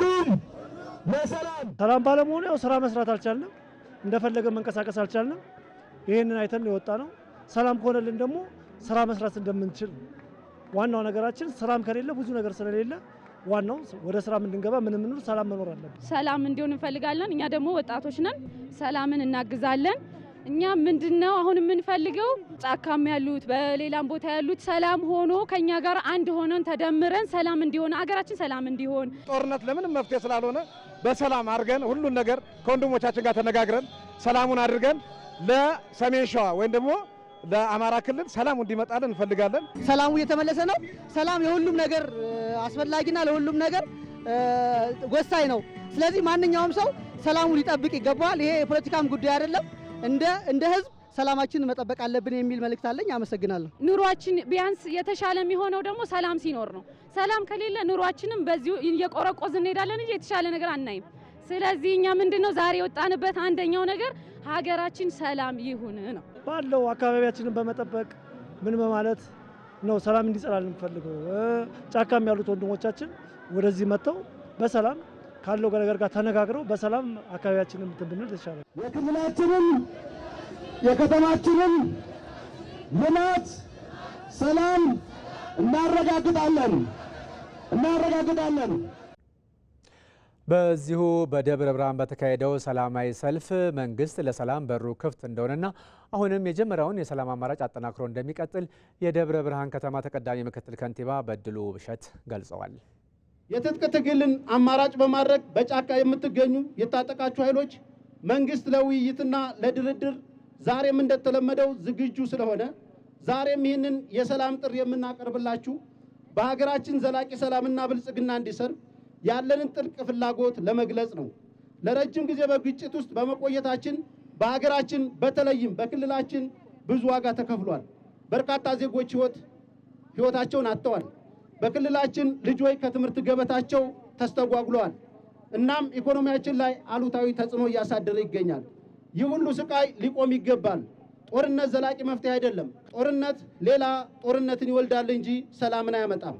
ሁሉም ለሰላም ሰላም ባለመሆኑ ያው ስራ መስራት አልቻልንም፣ እንደፈለገ መንቀሳቀስ አልቻልንም። ይህንን አይተን የወጣ ነው። ሰላም ከሆነልን ደግሞ ስራ መስራት እንደምንችል ዋናው ነገራችን ስራም ከሌለ ብዙ ነገር ስለሌለ ዋናው ወደ ስራ እንድንገባ ምን ሰላም መኖር አለብን። ሰላም እንዲሆን እንፈልጋለን። እኛ ደግሞ ወጣቶች ነን። ሰላምን እናግዛለን። እኛ ምንድነው አሁን የምንፈልገው ጫካም ያሉት በሌላም ቦታ ያሉት ሰላም ሆኖ ከኛ ጋር አንድ ሆነን ተደምረን ሰላም እንዲሆን አገራችን ሰላም እንዲሆን ጦርነት ለምንም መፍትሄ ስላልሆነ በሰላም አድርገን ሁሉን ነገር ከወንድሞቻችን ጋር ተነጋግረን ሰላሙን አድርገን ለሰሜን ሸዋ ወይም ደግሞ ለአማራ ክልል ሰላም እንዲመጣልን እንፈልጋለን። ሰላሙ እየተመለሰ ነው። ሰላም የሁሉም ነገር አስፈላጊና ለሁሉም ነገር ወሳኝ ነው። ስለዚህ ማንኛውም ሰው ሰላሙን ሊጠብቅ ይገባል። ይሄ የፖለቲካም ጉዳይ አይደለም። እንደ እንደ ህዝብ ሰላማችንን መጠበቅ አለብን የሚል መልእክት አለኝ። አመሰግናለሁ። ኑሯችን ቢያንስ የተሻለ የሚሆነው ደግሞ ሰላም ሲኖር ነው። ሰላም ከሌለ ኑሯችንም በዚሁ እየቆረቆዝ እንሄዳለን እንጂ የተሻለ ነገር አናይም። ስለዚህ እኛ ምንድን ነው ዛሬ የወጣንበት አንደኛው ነገር ሀገራችን ሰላም ይሁን ነው። ባለው አካባቢያችንን በመጠበቅ ምን በማለት ነው ሰላም እንዲጸናልን የምንፈልገው። ጫካም ያሉት ወንድሞቻችን ወደዚህ መጥተው በሰላም ካለው ነገር ጋር ተነጋግረው በሰላም አካባቢያችንን እንትን ብንል ተሻለ የክልላችንን የከተማችንን ልማት ሰላም እናረጋግጣለን እናረጋግጣለን። በዚሁ በደብረ ብርሃን በተካሄደው ሰላማዊ ሰልፍ መንግስት ለሰላም በሩ ክፍት እንደሆነና አሁንም የጀመረውን የሰላም አማራጭ አጠናክሮ እንደሚቀጥል የደብረ ብርሃን ከተማ ተቀዳሚ ምክትል ከንቲባ በድሉ ብሸት ገልጸዋል። የትጥቅ ትግልን አማራጭ በማድረግ በጫካ የምትገኙ የታጠቃችሁ ኃይሎች መንግስት ለውይይትና ለድርድር ዛሬም እንደተለመደው ዝግጁ ስለሆነ ዛሬም ይህንን የሰላም ጥሪ የምናቀርብላችሁ በሀገራችን ዘላቂ ሰላምና ብልጽግና እንዲሰር ያለንን ጥልቅ ፍላጎት ለመግለጽ ነው። ለረጅም ጊዜ በግጭት ውስጥ በመቆየታችን በሀገራችን በተለይም በክልላችን ብዙ ዋጋ ተከፍሏል። በርካታ ዜጎች ህይወት ህይወታቸውን አጥተዋል። በክልላችን ልጆች ከትምህርት ገበታቸው ተስተጓጉለዋል። እናም ኢኮኖሚያችን ላይ አሉታዊ ተጽዕኖ እያሳደረ ይገኛል። ይህ ሁሉ ስቃይ ሊቆም ይገባል። ጦርነት ዘላቂ መፍትሄ አይደለም። ጦርነት ሌላ ጦርነትን ይወልዳል እንጂ ሰላምን አያመጣም።